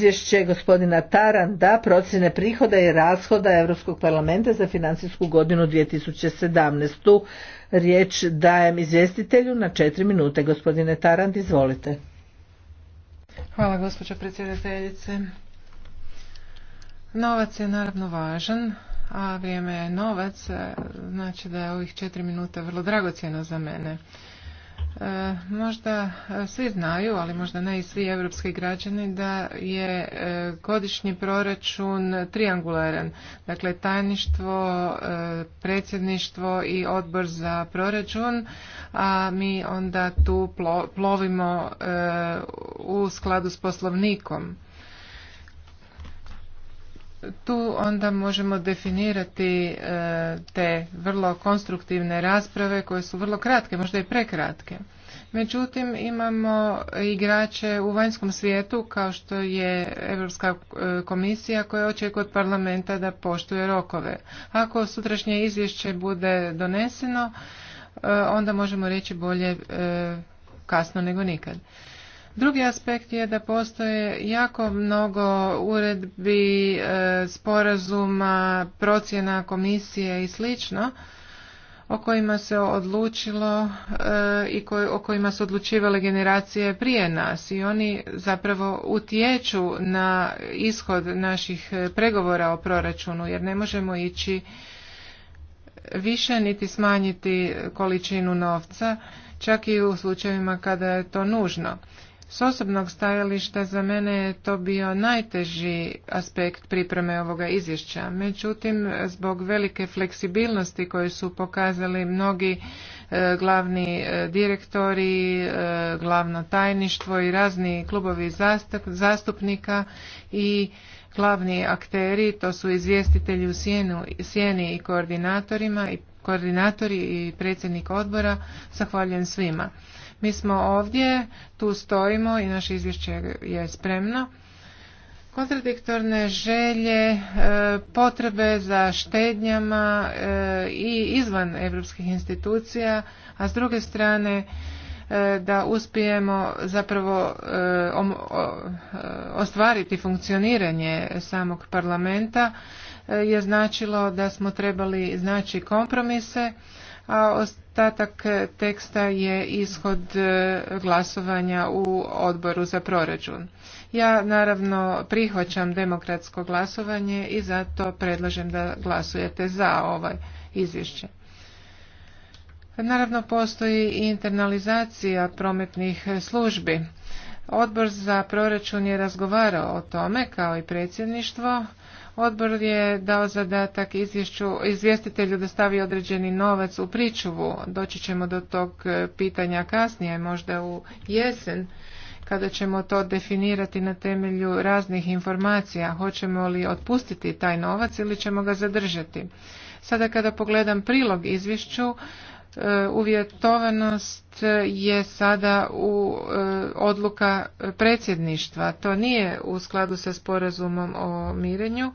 izvješće gospodina Taranda procjene prihoda i rashoda Europskog parlamenta za financijsku godinu 2017. Riječ dajem izvjestitelju na četiri minute. Gospodine Tarand, izvolite. Hvala gospođo predsjedateljice. Novac je naravno važan, a vrijeme je novac, e, znači da je ovih četiri minuta vrlo dragocjeno za mene. E, možda e, svi znaju, ali možda ne i svi evropski građani, da je e, godišnji proračun triangularan. Dakle, tajništvo, predsjedništvo i odbor za proračun, a mi onda tu plovimo u skladu s poslovnikom tu onda možemo definirati e, te vrlo konstruktivne rasprave koje su vrlo kratke, možda i prekratke. Međutim, imamo igrače u vanjskom svijetu kao što je Europska e, komisija koja očekuje od parlamenta da poštuje rokove. Ako sutrašnje izvješće bude doneseno, e, onda možemo reći bolje kasno nego nikad. Drugi aspekt je da postoje jako mnogo uredbi, e, sporazuma, procjena komisije i slično o kojima se odlučilo e, i o kojima su odlučivale generacije prije nas i oni zapravo utječu na ishod naših e, pregovora o proračunu jer ne možemo ići više niti smanjiti količinu novca čak i u slučajevima kada je to nužno s osobnog stajališta za mene je to bio najteži aspekt pripreme ovoga izvješća. Međutim, zbog velike fleksibilnosti koju su pokazali mnogi e, glavni e, direktori, e, glavno tajništvo i razni klubovi zastupnika i glavni akteri, to su izvjestitelji u sjenu, sjeni i koordinatorima i koordinatori i predsjednik odbora, zahvaljujem svima. Mi smo ovdje, tu stojimo i naše izvješće je spremno. Kontradiktorne želje, e, potrebe za štednjama e, i izvan europskih institucija, a s druge strane e, da uspijemo zapravo ostvariti funkcioniranje samog parlamenta je značilo da smo trebali znači kompromise, a ostatak teksta je ishod e, glasovanja u odboru za proračun. Ja naravno prihvaćam demokratsko glasovanje i zato predlažem da glasujete za ovaj izvješće. Naravno postoji i internalizacija prometnih službi. Odbor za proračun je razgovarao o tome kao i predsjedništvo Odbor je dao zadatak izvješću, izvjestitelju da stavi određeni novac u pričuvu. Doći ćemo do tog e, pitanja kasnije, možda u jesen kada ćemo to definirati na temelju raznih informacija, hoćemo li otpustiti taj novac ili ćemo ga zadržati. Sada kada pogledam prilog izvješću, E, uvjetovanost je sada u e, odluka predsjedništva. To nije u skladu sa sporazumom o mirenju,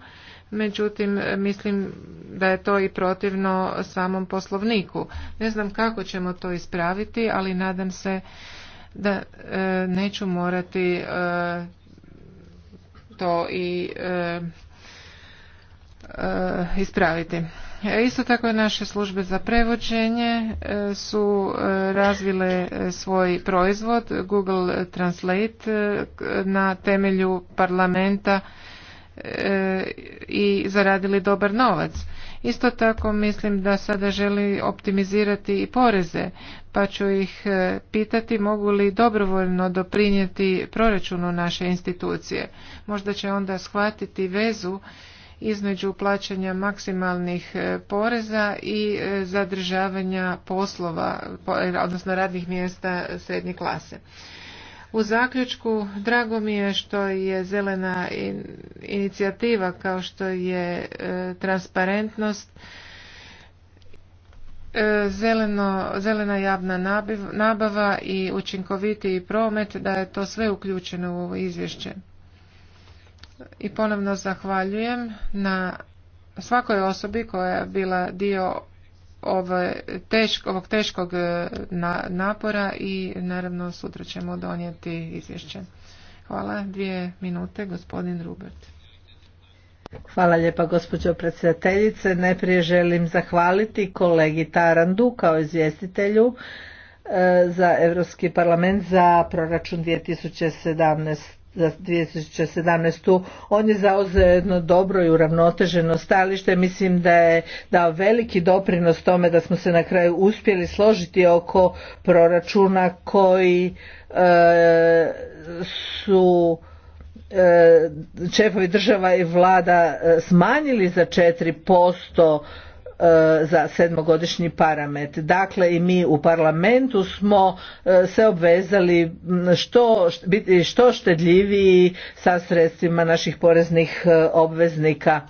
međutim mislim da je to i protivno samom poslovniku. Ne znam kako ćemo to ispraviti, ali nadam se da e, neću morati to i ispraviti. E, isto tako naše službe za prevođenje e, su e, razvile svoj proizvod Google Translate na temelju parlamenta i zaradili dobar novac. Isto tako mislim da sada želi optimizirati i poreze, pa ću ih pitati mogu li dobrovoljno doprinijeti proračunu naše institucije. Možda će onda shvatiti vezu između plaćanja maksimalnih e, poreza i e, zadržavanja poslova, e, odnosno radnih mjesta srednje klase. U zaključku, drago mi je što je zelena inicijativa kao što je transparentnost, zeleno, zelena javna nabava i učinkovitiji promet, da je to sve uključeno u ovo izvješće i ponovno zahvaljujem na svakoj osobi koja je bila dio ovog teškog e, napora i naravno sutra ćemo donijeti izvješće. Hvala. Dvije minute, gospodin Rubert. Hvala lijepa gospođo predsjedateljice. Najprije želim zahvaliti kolegi Tarandu kao izvjestitelju e, za Europski parlament za proračun 2017 za 2017. On je zauzeo jedno dobro i uravnoteženo stajalište. Mislim da je dao veliki doprinos tome da smo se na kraju uspjeli složiti oko proračuna koji e, su e, čefovi država i vlada e, smanjili za 4% E, za sedmogodišnji paramet. Dakle i mi u parlamentu smo e, se obvezali što, što štedljiviji sa sredstvima naših poreznih e, obveznika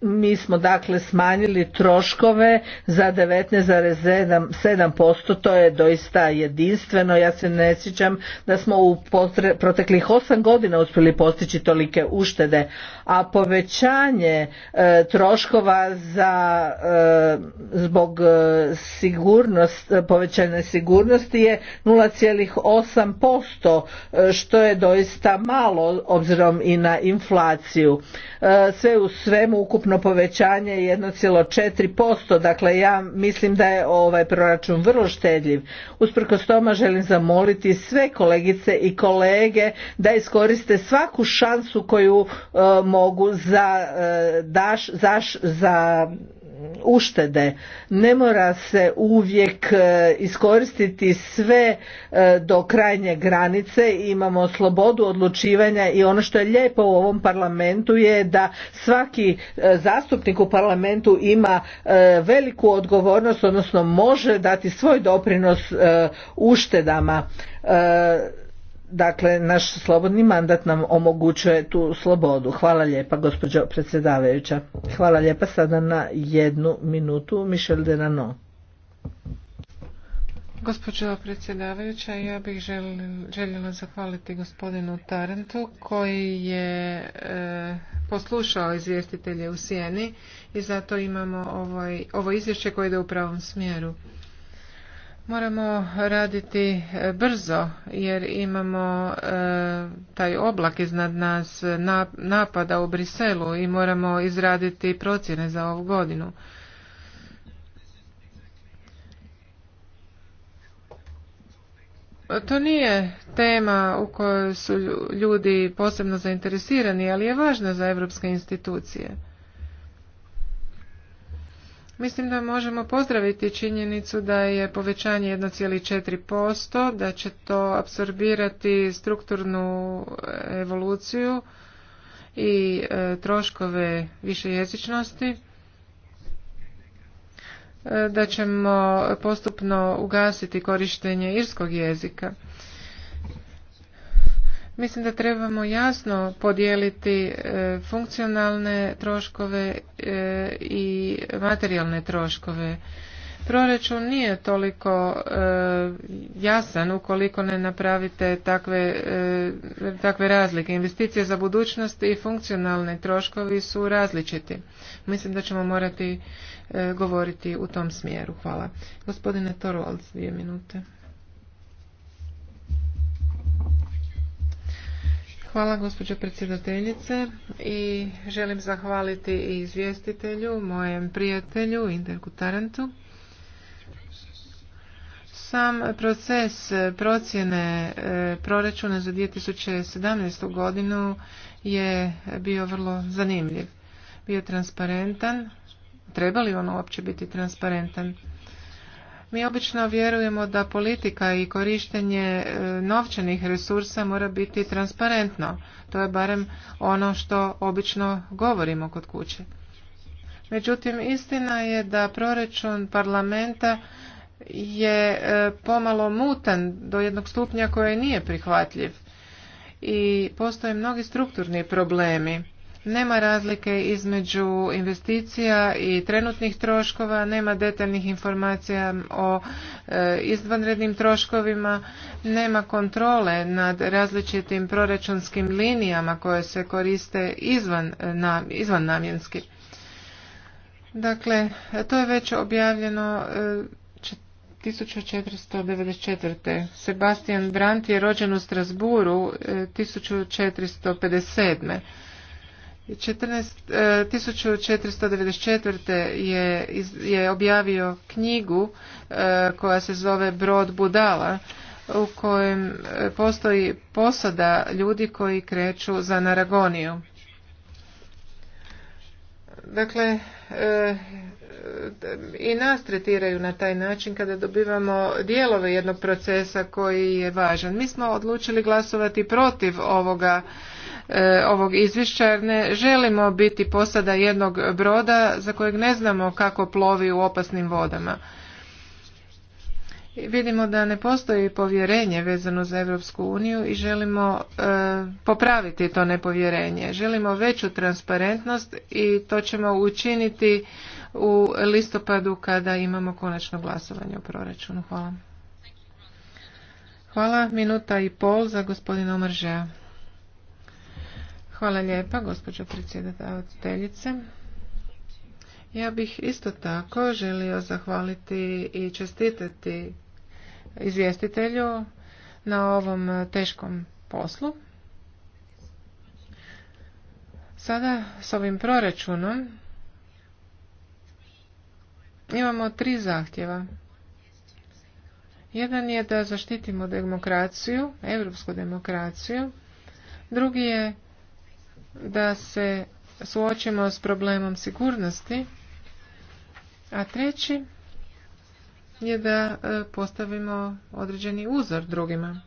mi smo dakle smanjili troškove za 19,7%, to je doista jedinstveno, ja se ne sjećam da smo u proteklih 8 godina uspjeli postići tolike uštede, a povećanje e, troškova za, e, zbog e, sigurnost, povećane sigurnosti je 0,8%, što je doista malo obzirom i na inflaciju. sve u svemu ukupno ukupno povećanje 1,4%, dakle ja mislim da je ovaj proračun vrlo štedljiv. Usprkos tome želim zamoliti sve kolegice i kolege da iskoriste svaku šansu koju e, mogu za e, uštede. Ne mora se uvijek e, iskoristiti sve e, do krajnje granice. Imamo slobodu odlučivanja i ono što je lijepo u ovom parlamentu je da svaki e, zastupnik u parlamentu ima veliku odgovornost, odnosno može dati svoj doprinos uštedama. Dakle, naš slobodni mandat nam omogućuje tu slobodu. Hvala lijepa, gospođo predsjedavajuća. Hvala lijepa sada na jednu minutu, Michel Derano. Gospođo predsjedavajuća, ja bih željela zahvaliti gospodinu Tarentu koji je e, poslušao izvjestitelje u Sjeni i zato imamo ovaj, ovo izvješće koje ide u pravom smjeru. Moramo raditi e, brzo jer imamo e, taj oblak iznad nas napada u Briselu i moramo izraditi procjene za ovu godinu. To nije tema u kojoj su ljudi posebno zainteresirani, ali je važna za evropske institucije. Mislim da možemo pozdraviti činjenicu da je povećanje 1,4%, da će to apsorbirati strukturnu e, evoluciju i e, troškove višejezičnosti, e, da ćemo postupno ugasiti korištenje irskog jezika. Mislim da trebamo jasno podijeliti e, funkcionalne troškove e, i materijalne troškove. Proračun nije toliko e, jasan ukoliko ne napravite takve, takve razlike. Investicije za budućnost i funkcionalni troškovi su različiti. Mislim da ćemo morati govoriti u tom smjeru. Hvala. Gospodine Torvalds, dvije minute. Hvala gospođo predsjedateljice i želim zahvaliti i izvjestitelju, mojem prijatelju Interku Tarantu. Sam proces procjene e, proračuna za 2017. godinu je bio vrlo zanimljiv. Bio transparentan. Treba li on uopće biti transparentan? Mi obično vjerujemo da politika i korištenje e, novčanih resursa mora biti transparentno. To je barem ono što obično govorimo kod kuće. Međutim, istina je da proračun parlamenta je e, pomalo mutan do jednog stupnja koji nije prihvatljiv i postoje mnogi strukturni problemi nema razlike između investicija i trenutnih troškova, nema detaljnih informacija o e, izvanrednim troškovima, nema kontrole nad različitim proračunskim linijama koje se koriste izvan, e, namjenski. Dakle, to je već objavljeno 1494. E, Sebastian Brandt je rođen u Strasburu 1457. 1494. E, je, je objavio knjigu e, koja se zove Brod budala u kojem e, postoji posada ljudi koji kreću za Naragoniju. Dakle, i nas tretiraju na taj način kada dobivamo dijelove jednog procesa koji je važan. Mi smo odlučili glasovati protiv ovoga E, ovog izvješća jer ne želimo biti posada jednog broda za kojeg ne znamo kako plovi u opasnim vodama. Vidimo da ne postoji povjerenje vezano za Europsku uniju i želimo e, popraviti to nepovjerenje. Želimo veću transparentnost i to ćemo učiniti u listopadu kada imamo konačno glasovanje o proračunu. Hvala. Hvala. Minuta i pol za gospodina Omržeja. Hvala lijepa, gospođo predsjedateljice. Ja bih isto tako želio zahvaliti i čestitati izvjestitelju na ovom teškom poslu. Sada s ovim proračunom imamo tri zahtjeva. Jedan je da zaštitimo demokraciju, europsku demokraciju. Drugi je da se suočimo s problemom sigurnosti, a treći je da e, postavimo određeni uzor drugima.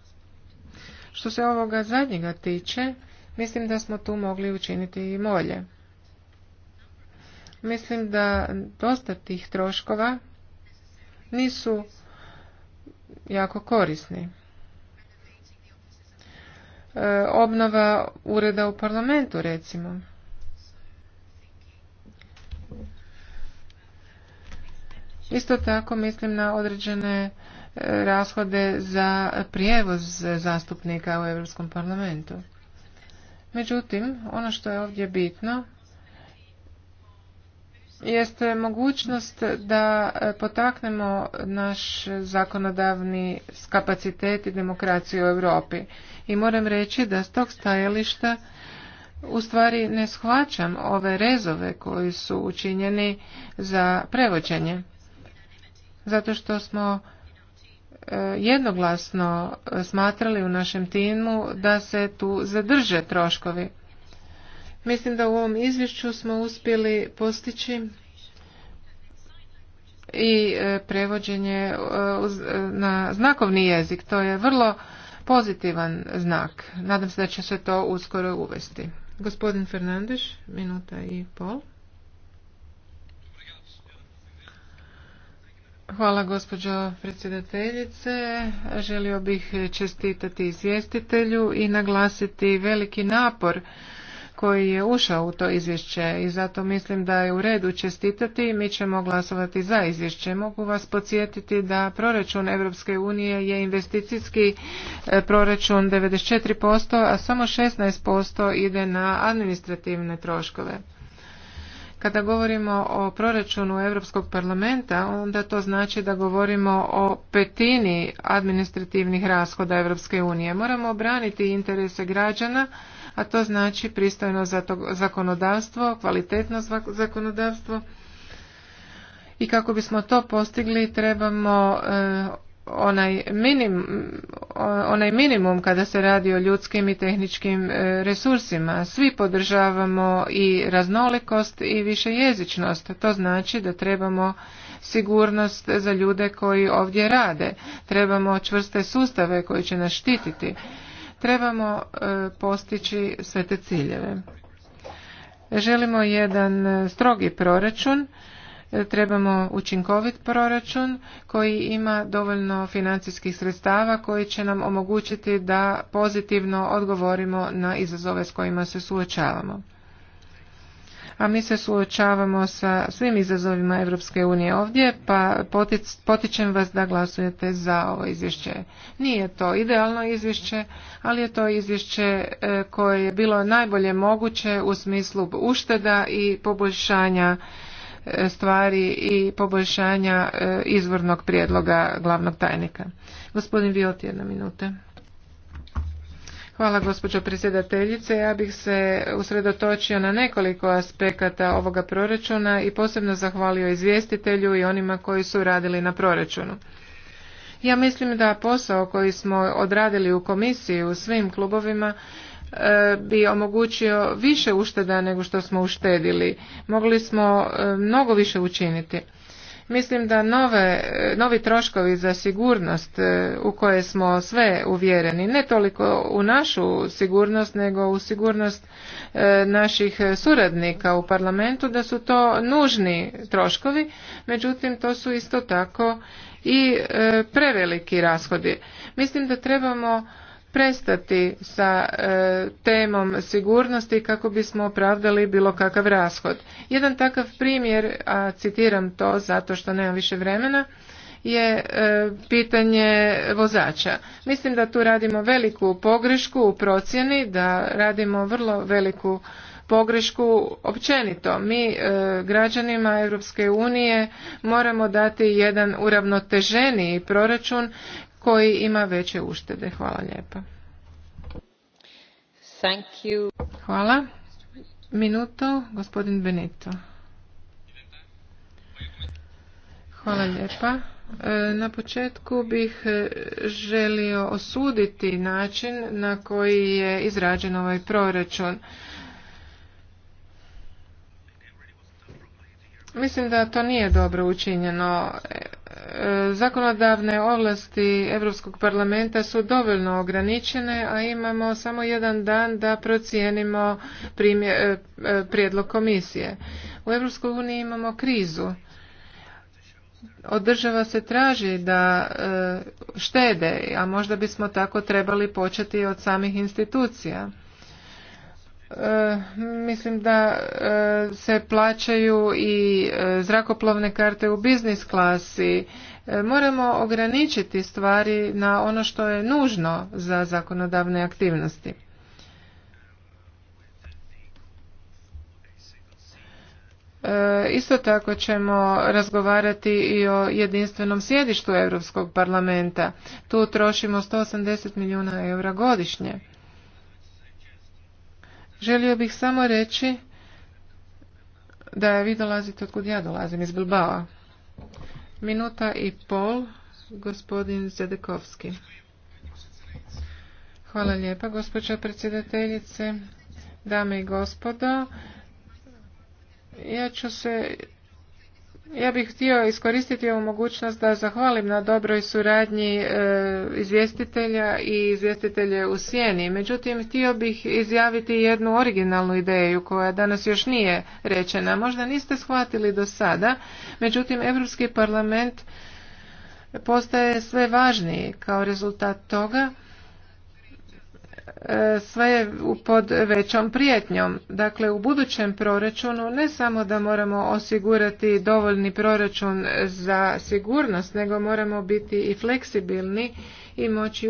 Što se ovoga zadnjega tiče, mislim da smo tu mogli učiniti i molje. Mislim da dosta tih troškova nisu jako korisni. E, obnova ureda u parlamentu recimo. Isto tako mislim na određene e, rashode za prijevoz zastupnika u Europskom parlamentu. Međutim, ono što je ovdje bitno jest mogućnost da e, potaknemo naš zakonodavni kapacitet i demokraciju u Europi. I moram reći da s tog stajališta u stvari ne shvaćam ove rezove koji su učinjeni za prevođenje. Zato što smo e, jednoglasno smatrali u našem timu da se tu zadrže troškovi. Mislim da u ovom izvješću smo uspjeli postići i e, prevođenje e, e, na znakovni jezik. To je vrlo pozitivan znak. Nadam se da će se to uskoro uvesti. Gospodin Fernandeš, minuta i pol. Hvala gospođo predsjedateljice. Želio bih čestitati izvjestitelju i naglasiti veliki napor koji je ušao u to izvješće i zato mislim da je u redu čestitati i mi ćemo glasovati za izvješće. Mogu vas podsjetiti da proračun Europske unije je investicijski e, proračun 94%, a samo 16% ide na administrativne troškove. Kada govorimo o proračunu Europskog parlamenta, onda to znači da govorimo o petini administrativnih rashoda Europske unije. Moramo obraniti interese građana a to znači pristojno zakonodavstvo, kvalitetno zakonodavstvo. I kako bismo to postigli trebamo eh, onaj, minimum onaj minimum kada se radi o ljudskim i tehničkim eh, resursima. Svi podržavamo i raznolikost i višejezičnost. To znači da trebamo sigurnost za ljude koji ovdje rade. Trebamo čvrste sustave koji će nas štititi trebamo e, postići sve te ciljeve. Želimo jedan e, strogi proračun, e, trebamo učinkovit proračun koji ima dovoljno financijskih sredstava koji će nam omogućiti da pozitivno odgovorimo na izazove s kojima se suočavamo a mi se suočavamo sa svim izazovima Europske unije ovdje, pa potičem vas da glasujete za ovo izvješće. Nije to idealno izvješće, ali je to izvješće e, koje je bilo najbolje moguće u smislu ušteda i poboljšanja e, stvari i poboljšanja e, izvornog prijedloga glavnog tajnika. Gospodin Viot, jedna minuta. Hvala gospođo predsjedateljice. Ja bih se usredotočio na nekoliko aspekata ovoga proračuna i posebno zahvalio izvjestitelju i onima koji su radili na proračunu. Ja mislim da posao koji smo odradili u komisiji u svim klubovima e, bi omogućio više ušteda nego što smo uštedili. Mogli smo e, mnogo više učiniti. Mislim da nove, novi troškovi za sigurnost e, u koje smo sve uvjereni, ne toliko u našu sigurnost, nego u sigurnost e, naših suradnika u parlamentu, da su to nužni troškovi, međutim to su isto tako i e, preveliki rashodi. Mislim da trebamo prestati sa e, temom sigurnosti kako bismo opravdali bilo kakav rashod. Jedan takav primjer, a citiram to zato što nemam više vremena, je e, pitanje vozača. Mislim da tu radimo veliku pogrešku u procjeni, da radimo vrlo veliku pogrešku općenito. Mi e, građanima Europske unije moramo dati jedan uravnoteženiji proračun koji ima veće uštede. Hvala lijepa. Thank you. Hvala. Minuto, gospodin Benito. Hvala lijepa. E, na početku bih e, želio osuditi način na koji je izrađen ovaj proračun. Mislim da to nije dobro učinjeno. E, zakonodavne ovlasti Europskog parlamenta su dovoljno ograničene, a imamo samo jedan dan da procijenimo e, e, prijedlog komisije. U Europskoj uniji imamo krizu. Od država se traži da e, štede, a možda bismo tako trebali početi od samih institucija mislim da e, se plaćaju i e, zrakoplovne karte u biznis klasi. E, moramo ograničiti stvari na ono što je nužno za zakonodavne aktivnosti. Isto tako ćemo razgovarati i o jedinstvenom sjedištu Europskog parlamenta. Tu trošimo 180 milijuna eura godišnje. Želio bih samo reći da vi dolazite kud ja dolazim, iz Bilbao. Minuta i pol, gospodin Zedekovski. Hvala lijepa, gospođa predsjedateljice, dame i gospodo. Ja ću se ja bih htio iskoristiti ovu mogućnost da zahvalim na dobroj suradnji e, izvjestitelja i izvjestitelje u sjeni. Međutim, htio bih izjaviti jednu originalnu ideju koja danas još nije rečena. Možda niste shvatili do sada, međutim, Europski parlament postaje sve važniji kao rezultat toga E, sve je pod većom prijetnjom. Dakle, u budućem proračunu ne samo da moramo osigurati dovoljni proračun za sigurnost, nego moramo biti i fleksibilni i moći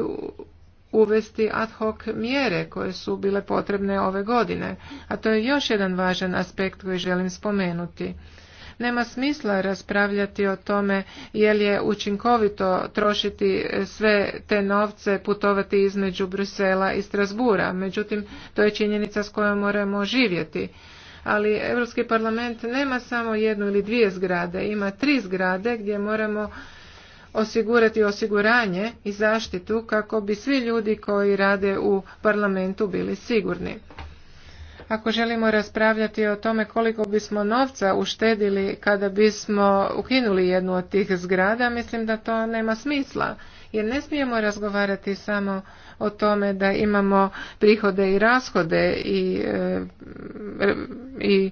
uvesti ad hoc mjere koje su bile potrebne ove godine. A to je još jedan važan aspekt koji želim spomenuti. Nema smisla raspravljati o tome je li je učinkovito trošiti sve te novce, putovati između Brusela i Strasbura. Međutim, to je činjenica s kojom moramo živjeti ali Europski parlament nema samo jednu ili dvije zgrade, ima tri zgrade gdje moramo osigurati osiguranje i zaštitu kako bi svi ljudi koji rade u parlamentu bili sigurni. Ako želimo raspravljati o tome koliko bismo novca uštedili kada bismo ukinuli jednu od tih zgrada, mislim da to nema smisla. Jer ne smijemo razgovarati samo o tome da imamo prihode i rashode i, e, i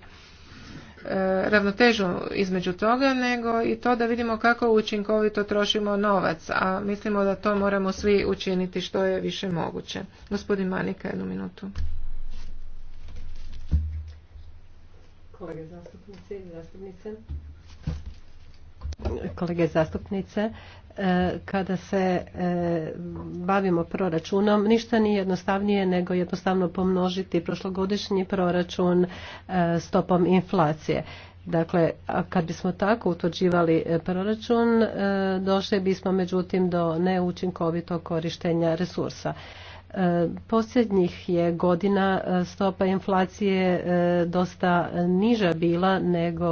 e, ravnotežu između toga, nego i to da vidimo kako učinkovito trošimo novac, a mislimo da to moramo svi učiniti što je više moguće. Gospodin Manika, jednu minutu. kolege zastupnice i zastupnice. Kolege zastupnice, e, kada se e, bavimo proračunom, ništa nije jednostavnije nego jednostavno pomnožiti prošlogodišnji proračun e, stopom inflacije. Dakle, kad bismo tako utvrđivali proračun, došli bismo međutim do neučinkovitog korištenja resursa. E, posljednjih je godina e, stopa inflacije e, dosta niža bila nego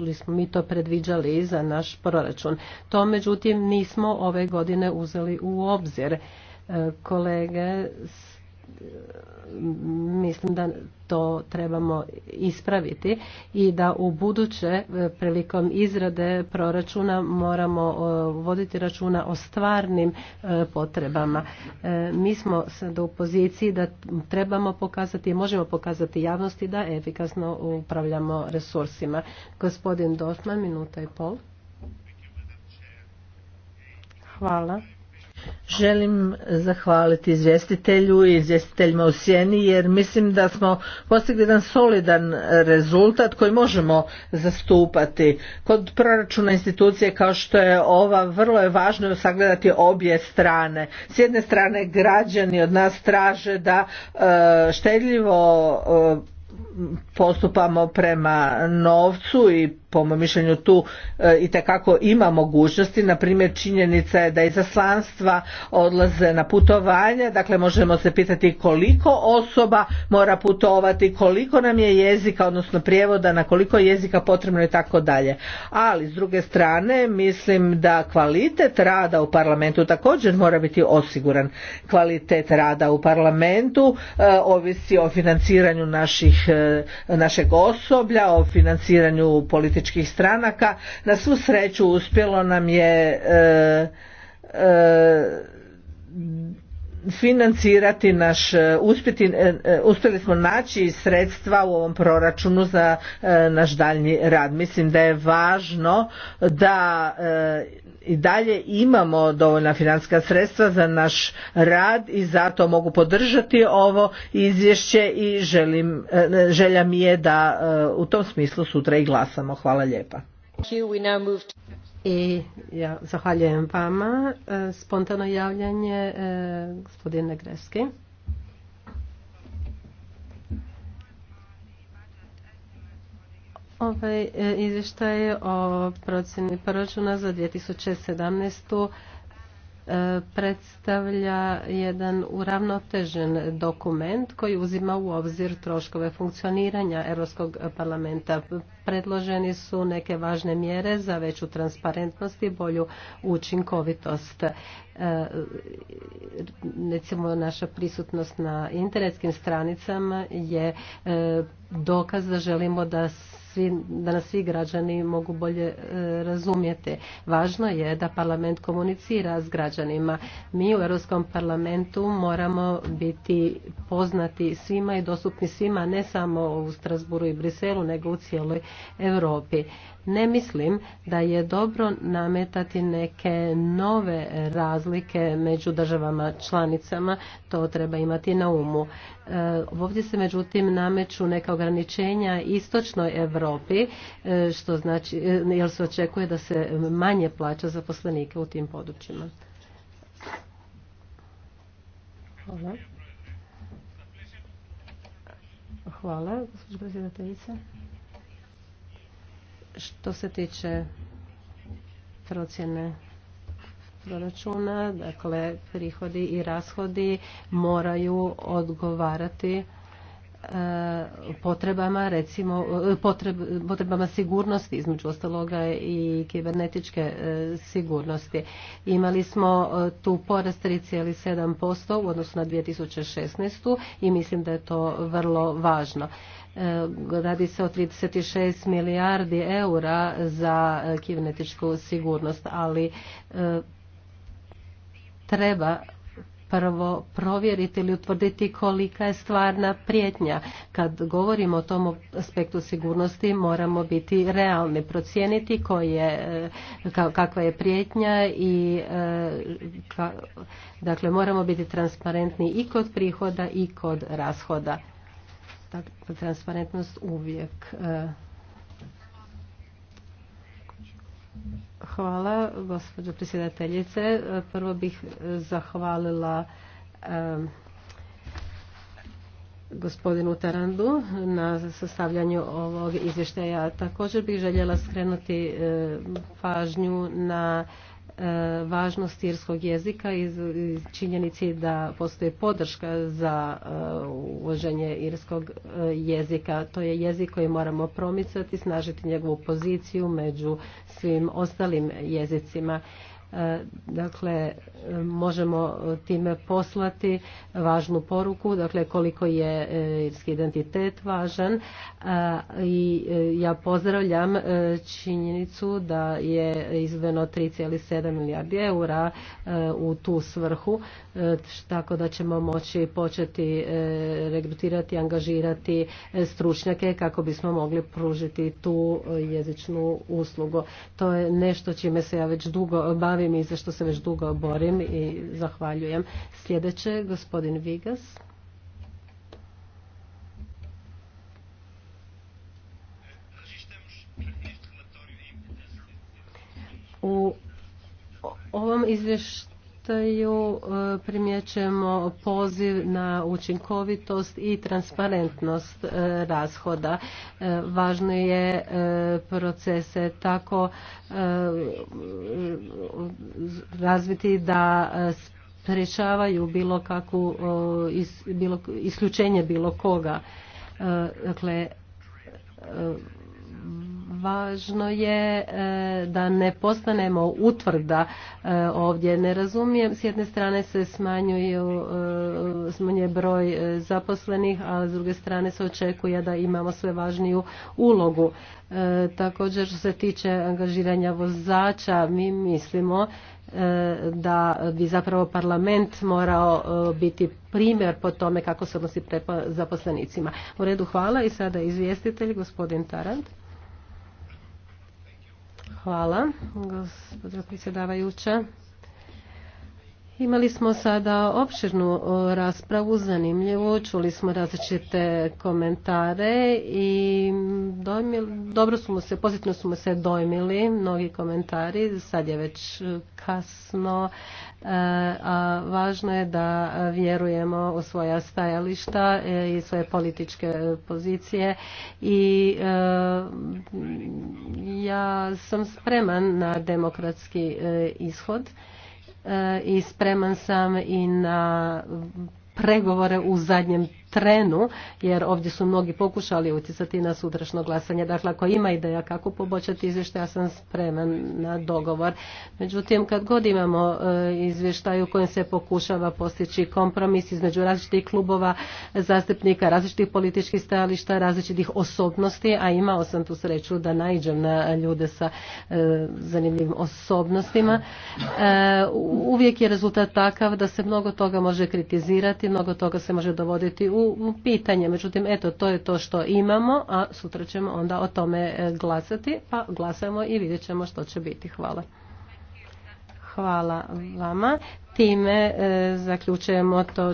li smo mi to predviđali za naš proračun. To međutim nismo ove godine uzeli u obzir. Kolege mislim da to trebamo ispraviti i da u buduće e, prilikom izrade proračuna moramo e, voditi računa o stvarnim e, potrebama. Mi smo sada u poziciji da trebamo pokazati i možemo pokazati javnosti da efikasno upravljamo resursima. Gospodin Dostman, minuta i pol. Hvala. Želim zahvaliti izvjestitelju i izvjestiteljima u sjeni jer mislim da smo postigli jedan solidan rezultat koji možemo zastupati. Kod proračuna institucije kao što je ova vrlo je važno sagledati obje strane. S jedne strane građani od nas traže da e, štedljivo e, postupamo prema novcu i po mom mišljenju tu e, i tekako ima mogućnosti. Na primjer činjenica je da izaslanstva odlaze na putovanje, dakle možemo se pitati koliko osoba mora putovati, koliko nam je jezika, odnosno prijevoda, na koliko jezika potrebno i tako dalje. Ali s druge strane mislim da kvalitet rada u parlamentu također mora biti osiguran. Kvalitet rada u parlamentu e, ovisi o financiranju naših e, E, našeg osoblja, o financiranju političkih stranaka. Na svu sreću uspjelo nam je e, e, financirati naš e, uspjeti, e, e, uspjeli smo naći sredstva u ovom proračunu za naš daljnji rad. Mislim da je važno da i dalje imamo dovoljna financijska sredstva za naš rad i zato mogu podržati ovo izvješće i želim, želja mi je da u tom smislu sutra i glasamo. Hvala lijepa. I ja zahvaljujem vama. E, spontano javljanje e, gospodine greski. Ovaj e, izvještaj o procjeni proračuna za 2017. E, predstavlja jedan uravnotežen dokument koji uzima u obzir troškove funkcioniranja Europskog parlamenta. Predloženi su neke važne mjere za veću transparentnost i bolju učinkovitost. E, recimo naša prisutnost na internetskim stranicama je e, dokaz da želimo da svi, da nas svi građani mogu bolje e, razumjeti. Važno je da parlament komunicira s građanima. Mi u Europskom parlamentu moramo biti poznati svima i dostupni svima, ne samo u Strasburu i Briselu, nego u cijeloj Europi. Ne mislim da je dobro nametati neke nove razlike među državama članicama, to treba imati na umu. E, ovdje se međutim nameću neka ograničenja istočnoj Europi, e, što znači, e, jer se očekuje da se manje plaća zaposlenike u tim područjima. Hvala. Hvala, što se tiče procjene proračuna, dakle prihodi i rashodi moraju odgovarati e, potrebama recimo e, potrebama sigurnosti između ostaloga i kibernetičke e, sigurnosti. Imali smo tu porast 3,7% u odnosu na 2016. i mislim da je to vrlo važno. E, radi se o 36 milijardi eura za e, kibernetičku sigurnost, ali e, treba prvo provjeriti ili utvrditi kolika je stvarna prijetnja. Kad govorimo o tom aspektu sigurnosti moramo biti realni, procijeniti koje, kakva je prijetnja i dakle moramo biti transparentni i kod prihoda i kod rashoda transparentnost uvijek. E. Hvala, gospođo predsjedateljice. E, prvo bih zahvalila e, gospodinu Tarandu na sastavljanju ovog izvještaja. Također bih željela skrenuti pažnju na E, važnost irskog jezika i činjenici da postoji podrška za e, uvoženje irskog e, jezika. To je jezik koji moramo promicati, snažiti njegovu poziciju među svim ostalim jezicima. E, dakle, e, možemo time poslati važnu poruku, dakle koliko je e, irski identitet važan i ja pozdravljam činjenicu da je izveno 3,7 milijardi eura u tu svrhu, tako da ćemo moći početi regrutirati, angažirati stručnjake kako bismo mogli pružiti tu jezičnu uslugu. To je nešto čime se ja već dugo bavim borim i za što se već dugo borim i zahvaljujem. Sljedeće, gospodin Vigas. U ovom izvješću izvještaju e, primjećujemo poziv na učinkovitost i transparentnost e, rashoda. E, važno je procese tako razviti da sprečavaju bilo kakvu isključenje bilo koga. Dakle, važno je e, da ne postanemo utvrda e, ovdje. Ne razumijem, s jedne strane se smanjuju, e, smanjuje broj zaposlenih, a s druge strane se očekuje da imamo sve važniju ulogu. Također što se tiče angažiranja vozača, mi mislimo da bi zapravo parlament morao biti primjer po tome kako se odnosi prema zaposlenicima. U redu hvala i sada izvjestitelj gospodin Tarant. Hvala, gospođo predsjedavajuća. Imali smo sada opširnu raspravu, zanimljivu, čuli smo različite komentare i dobro smo se, pozitivno smo se dojmili, mnogi komentari, sad je već kasno, e, a važno je da vjerujemo u svoja stajališta e, i svoje političke pozicije i e, ja sam spreman na demokratski ishod i spreman sam i na pregovore u zadnjem trenu, jer ovdje su mnogi pokušali utjecati na sutrašno glasanje. Dakle, ako ima ideja kako poboljšati izvještaj, ja sam spreman na dogovor. Međutim, kad god imamo e, izvještaj u kojem se pokušava postići kompromis između različitih klubova, zastupnika, različitih političkih stajališta, različitih osobnosti, a imao sam tu sreću da naiđem na ljude sa e, zanimljivim osobnostima. E, uvijek je rezultat takav da se mnogo toga može kritizirati, mnogo toga se može dovoditi u pitanje. Međutim, eto, to je to što imamo, a sutra ćemo onda o tome e, glasati, pa glasajmo i vidjet ćemo što će biti. Hvala. Hvala vama. Time e, zaključujemo to